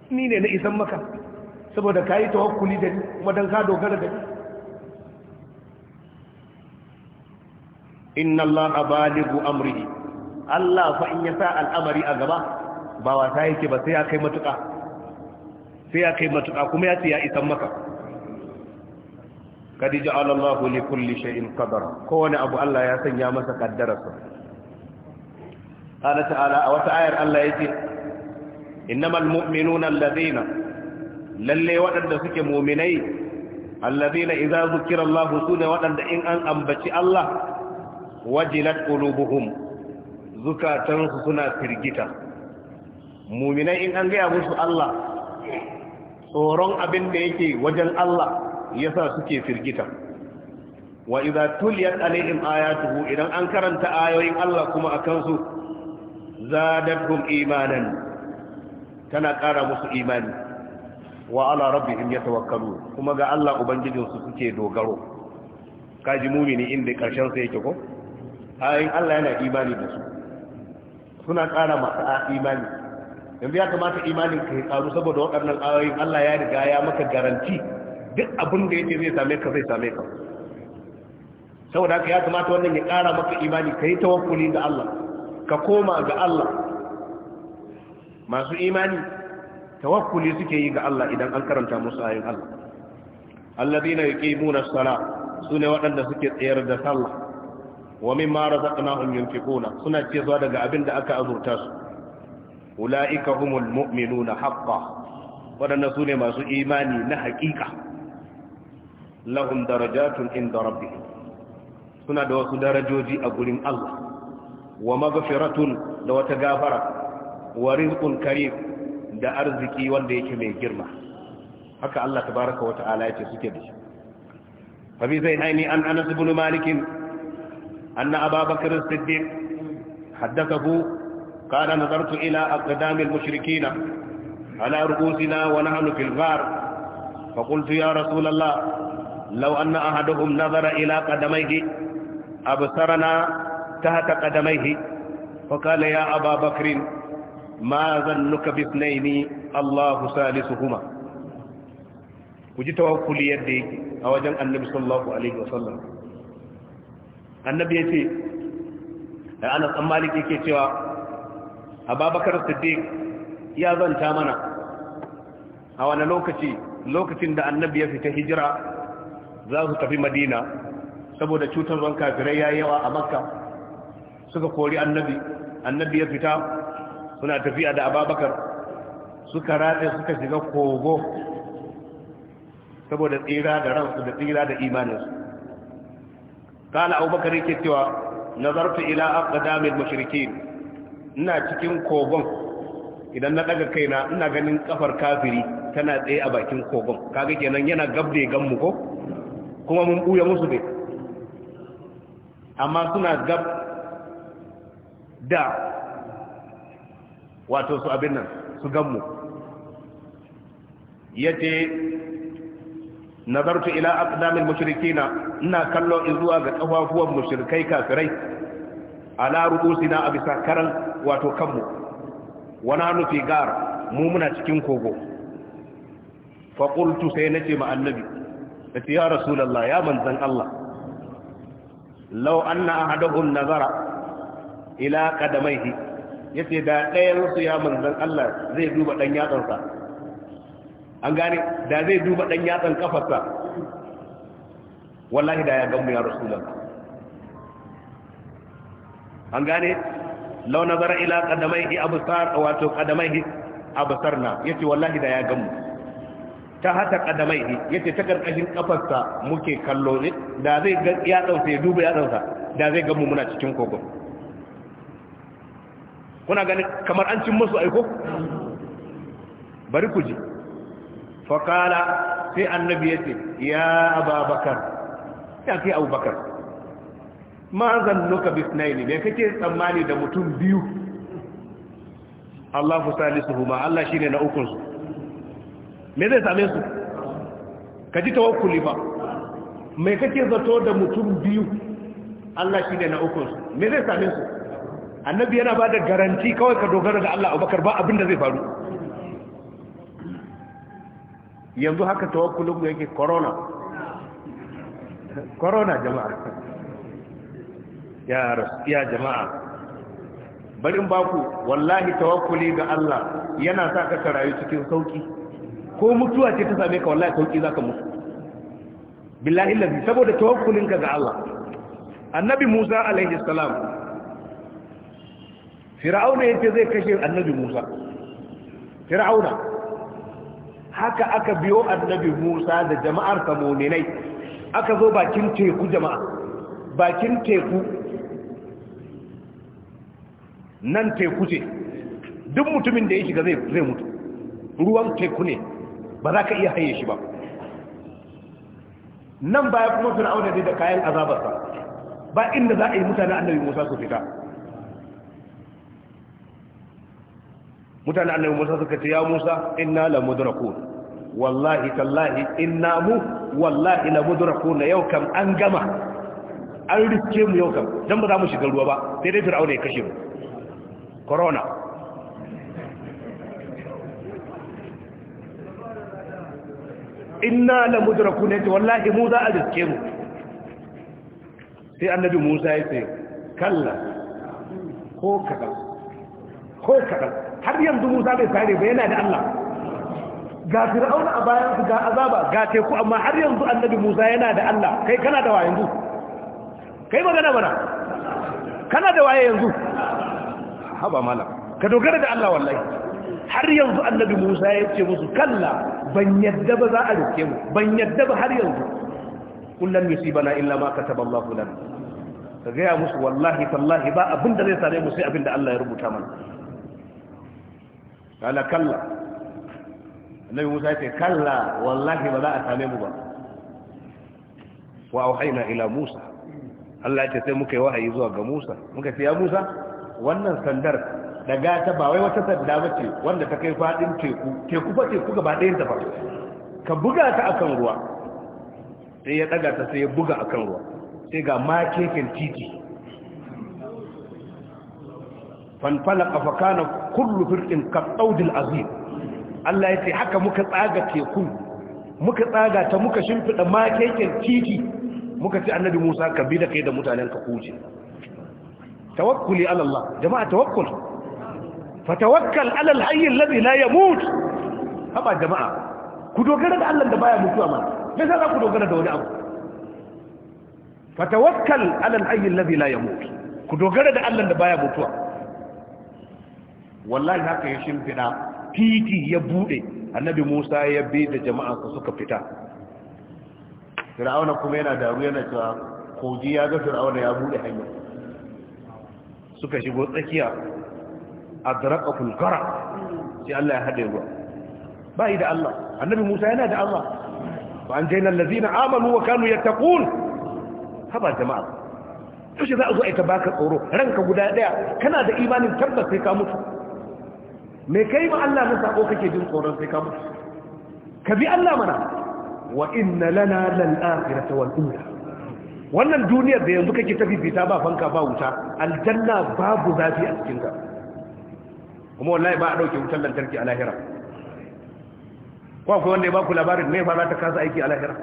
Speaker 1: ni ne na isan maka saboda kayi tawakkuli da ni kuma dan ka dogara da ni inna allaha balighu amrihi Allah fa in ya sa al'amari a gaba ba wata yake ba sai ya kai matuƙa sai ya kai matuƙa kuma ya ce ya isan maka kadi ja'ala ne li kulli shay'in qadara kowane abu Allah ya sanya masa kaddararsa Allah ta'ala a wata ayar Allah ya yace innamal mu'minuna alladhina lalle waɗanda suke mu'minai alladhina idza zukira Allahu sune waɗanda in an ambaci Allah wajilat qulubuhum zukatansu suna firgita muminai in an gaya musu Allah tsoron abin da yake wajen Allah yasa suke firgita wa idza tuliyat alaihim ayatuhu idan an karanta ayoyin Allah kuma akan su zadadhum imanan tana kara musu imani wa ala rabbihim yatawakkalu kuma ga Allah ubangijin su suke dogaro kaji mumini inda karshen sa yake ko ayin Allah yana imani da su suna ƙara masu imani yanzu ya kamata imanin ka ya ƙaru saboda waɗannan ayoyin Allah ya riga ya maka garanti duk abin da yake zai same ka zai same ka saboda haka ya kamata wannan ya ƙara maka imani ka yi tawakkuli ga Allah ka koma ga Allah masu imani tawakkuli suke yi ga Allah idan an karanta musu ayoyin Allah alladhina yuqimuna as-salata sune waɗanda suke tsayar da sallah wa marasa razaqnahum yunfiquna suna ce zuwa daga abin da aka azurta su ulaika humul mu'minuna haqqan wadannan sune masu imani na haƙiƙa lahum darajatun inda rabbihim suna da wasu darajoji a gurin Allah wa maghfiratun da wata gafara wa rizqun karim da arziki wanda yake mai girma haka Allah tabaaraka wa ta'ala yake suke da shi fa bi zainani an Anas ibn Malik أن أبا بكر الصديق حدثه قال نظرت إلى أقدام المشركين على رؤوسنا ونحن في الغار فقلت يا رسول الله لو أن أحدهم نظر إلى قدميه أبصرنا تحت قدميه فقال يا أبا بكر ما ظنك باثنين الله ثالثهما وجدت توكل يديك أوجن النبي صلى الله عليه وسلم annabi ya ce da anas an yake cewa ababakar siddiq ya zanta mana a wani lokaci lokacin da annabi ya fita hijira za su tafi madina saboda cutar cutarwan kafirai ya yawa a makka suka kori annabi annabi ya fita suna tafiya da ababakar suka ratse suka shiga kogo saboda tsira da ransu da tsira da imaninsu kala abubakar yake cewa nazartu ila aqdamil mushrikin ina cikin kogon idan na daga kaina ina ganin kafar kafiri tana tsaye a bakin kogon kaga kenan yana gabde gan mu ko kuma mun buya musu ne amma suna gab da wato su abin nan su gan mu yace nazartu ila aqdamil mushrikina ina kallo zuwa ga kafafuwan mushrikai kafirai ala ru'usina a bisa karan wato kanmu wana nufi gar mu muna cikin kogo fa qultu sai nace ma annabi nace ya rasulullah ya manzan Allah law anna ahaduhum nazara ila qadamaihi yace da ɗayan su ya manzan Allah zai duba dan yatsansa an gane da zai duba dan yatsan kafarsa wallahi da ya gamu ya rasulun an gane law nazara ila qadamaihi a wato na. Ya ce wallahi da ya gamu ta hata ya ce ta karkashin kafarsa muke kallo ne da zai ya dausa ya duba ya dausa da zai gamu muna cikin kogon kuna ganin kamar an cin musu aiko bari ku ji faƙala sai annabi ya ce ya ababakar ya kai abubakar ma nuka bisnaini me kake tsammani da mutum biyu Allahu huma, Allah shine na ukun su me zai same su ka ji tawakkuli ba me kake zato da mutum biyu Allah shine na ukun su me zai same su annabi yana bada garanti kawai ka dogara da Allah Abubakar ba abinda zai faru yanzu haka tawakkulun yake corona corona jama'a ya jama'a barin baku wallahi tawakkuli ga Allah yana sa ka rayu cikin sauki ko mutuwa ce ta same ka wallahi sauki zaka mutu billahi lazi saboda tawakkulinka ga Allah annabi Musa alaihi salam fir'auna yace zai kashe annabi Musa fir'auna haka aka biyo annabi Musa da jama'ar samoninai aka zo bakin teku jama'a bakin teku nan teku ce duk mutumin da ya shiga zai mutu ruwan teku ne ba za ka iya haye shi ba nan baya kuma fir'auna dai da kayan azabarsa ba inda za a yi mutane annabi musa su fita mutane annabi musa suka ce ya musa inna la mudrakun wallahi tallahi inna mu wallahi la mudrakuna yau kam an gama an riske mu yau kam dan ba za mu shiga ruwa ba sai dai fir'auna ya kashe mu corona
Speaker 2: inna la mudrakuna ne wallahi mu za a riske mu
Speaker 1: sai annabi Musa ya ce kalla ko kada, ko kada, har yanzu Musa bai sare ba yana da Allah ga fir'auna a bayan su ga azaba ga teku amma har yanzu annabi Musa yana da Allah kai kana da waye yanzu kai magana mana kana da waye yanzu haba mala ka dogara da Allah wallahi har yanzu annabi Musa ya ce musu kalla ban yadda ba za a rike mu ban yadda ba har yanzu kullum bana illa ma kataba Allah lana ka gaya musu wallahi tallahi ba abin da zai sare mu sai abin da Allah ya rubuta mana kala kalla annabi musa ya ce kalla wallahi ba za a same mu ba wa auhaina ila musa Allah ce sai muka yi wahayi zuwa ga musa muka ce ya musa wannan sandar da gata ba wai wata sanda ba ce wanda ta kai fadin teku teku fa teku gaba ɗayan ta fa ka buga ta akan ruwa sai ya daga ta sai ya buga akan ruwa sai ga makekin titi fanfala fa kana kullu firqin ka daudil azim Allah ya ce haka muka tsaga teku muka tsaga ta muka shimfiɗa makeken titi muka ce annabi Musa ka bi da kai da mutanen ka kuce tawakkuli ala Allah jama'a tawakkul fa tawakkal alal al-hayy alladhi la yamut haba jama'a ku dogara da Allah da baya mutuwa ma me yasa ku dogara da wani abu fa tawakkal alal al-hayy alladhi la yamut ku dogara da Allah da baya mutuwa wallahi haka ya shimfiɗa titi ya bude annabi musa ya bi da jama'ansa suka fita fir'auna kuma yana daru yana cewa kogi ya ga fir'auna ya bude hanyar suka shigo tsakiya adraka kulkara sai Allah ya hade ruwa yi da Allah annabi musa yana da Allah Ba an jaina allazina amanu wa kanu yattaqun haba jama'a to shi za a zo a ita baka tsoro ranka guda daya kana da imanin tabbas sai ka mutu Mai kai ma Allah na sako kake jin tsoron sai ka mutu ka bi Allah mana wa inna lana lal akhirata wal ula wannan duniyar da yanzu kake tafi fita ba fanka ba wuta aljanna babu zafi a cikin ka kuma wallahi ba a dauke wutar lantarki a lahira ko akwai wanda ya baku labarin ne ba za ta kasa aiki a lahira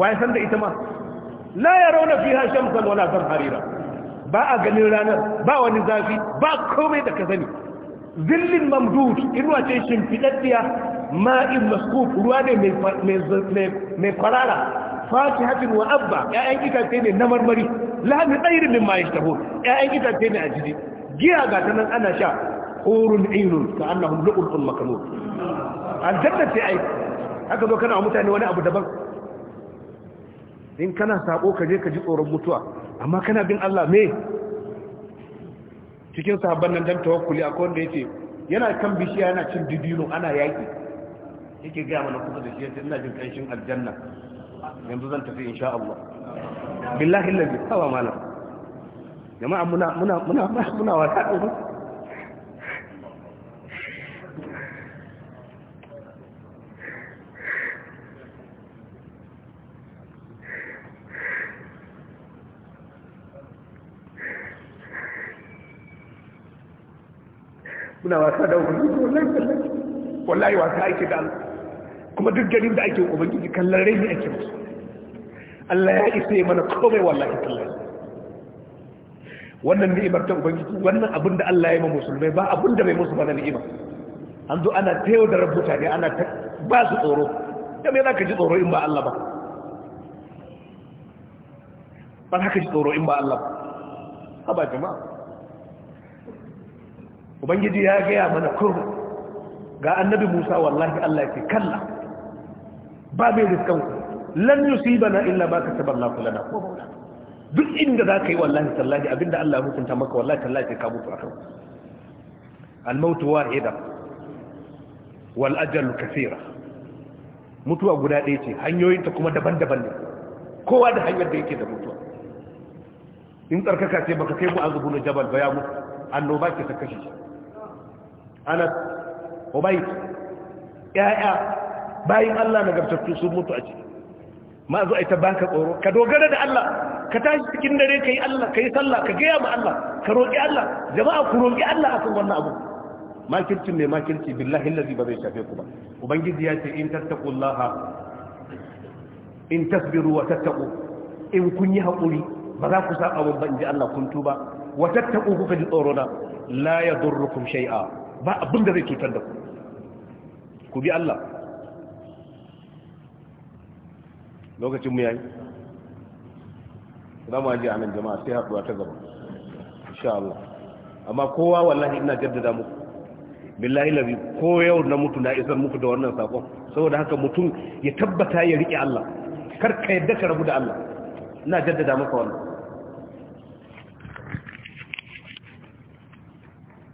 Speaker 1: waye san da ita ma la yarawna fiha shamsan wala zam harira ba a ganin ranar ba wani zafi ba komai da ka sani zillin mamdud inuwa ce shimfiɗaɗɗiya ma'in maskuf ruwa ne mai kwarara fatihatin wa abba 'ya'yan itace ne na marmari lahmi tsairin min ma yashtahu 'ya'yan itace ne a jiri giya ga ta nan ana sha hurun ainun ka annahum lu'lu'un makanun an ce ai haka zo kana mutane wani abu daban in kana sako ka je ka ji tsoron mutuwa amma kana bin Allah me cikin sahabban nan dan tawakkuli akwai wanda yace yana kan bishiya yana cin dibino ana yaki yake ga mana kuma da shi yace ina jin kanshin aljanna yanzu zan tafi insha Allah billahi allazi sawa malam jama'a muna muna muna muna wata muna wasa da ubangiji wallahi wallahi wallahi wasa ake da Allah kuma duk garin da ake ubangiji kallon rai ne ake musu Allah ya isa ya mana komai wallahi tallahi wannan ni'imar ta ubangiji wannan abin da Allah ya yi musulmai ba abin da bai musu ba ni'ima an zo ana tayo da rabuta ne ana ba su tsoro da me zaka ji tsoro in ba Allah ba ba zaka ji tsoro in ba Allah ba haba jama'a ubangiji ya gaya mana kurhu ga annabi musa wallahi allah ke kalla ba mai riskan ku lan yusibana illa ma kataba allah lana ko maula duk inda za ka yi wallahi tallahi abinda allah ya hukunta maka wallahi tallahi sai ka mutu akan al-maut wahida wal ajal kaseera mutuwa guda ɗaya ce hanyoyinta kuma daban-daban ne kowa da hanyar da yake da mutuwa in tsarkaka ce baka kai mu azubu na jabal ba ya mutu annoba ce ta kashe shi anas ubayt ya'ya bayin Allah na gabtattu sun mutu a ciki ma zo ai ta banka tsoro ka dogara da Allah ka tashi cikin dare yi Allah ka yi sallah ka gaya ma Allah ka roki Allah jama'a ku roki Allah akan wannan abu makircin mai makirci billahi allazi ba zai shafe ku ba ubangiji ya ce in tattaqullaha in tasbiru wa tattaku, in kun yi haƙuri, ba za ku saba ban ji Allah kun tuba wa tattaku kuka ji tsoro na la ya yadurrukum shay'a ba abin da zai cutar da ku ku bi Allah lokacin mu yayi za mu aje a nan jama'a sai haɗuwa ta gaba insha Allah amma kowa wallahi ina jaddada muku billahi labi ko yau na mutu na isar muku da wannan sakon saboda haka mutum ya tabbata ya riƙe Allah kar ka yadda ka rabu da Allah ina jaddada maka wannan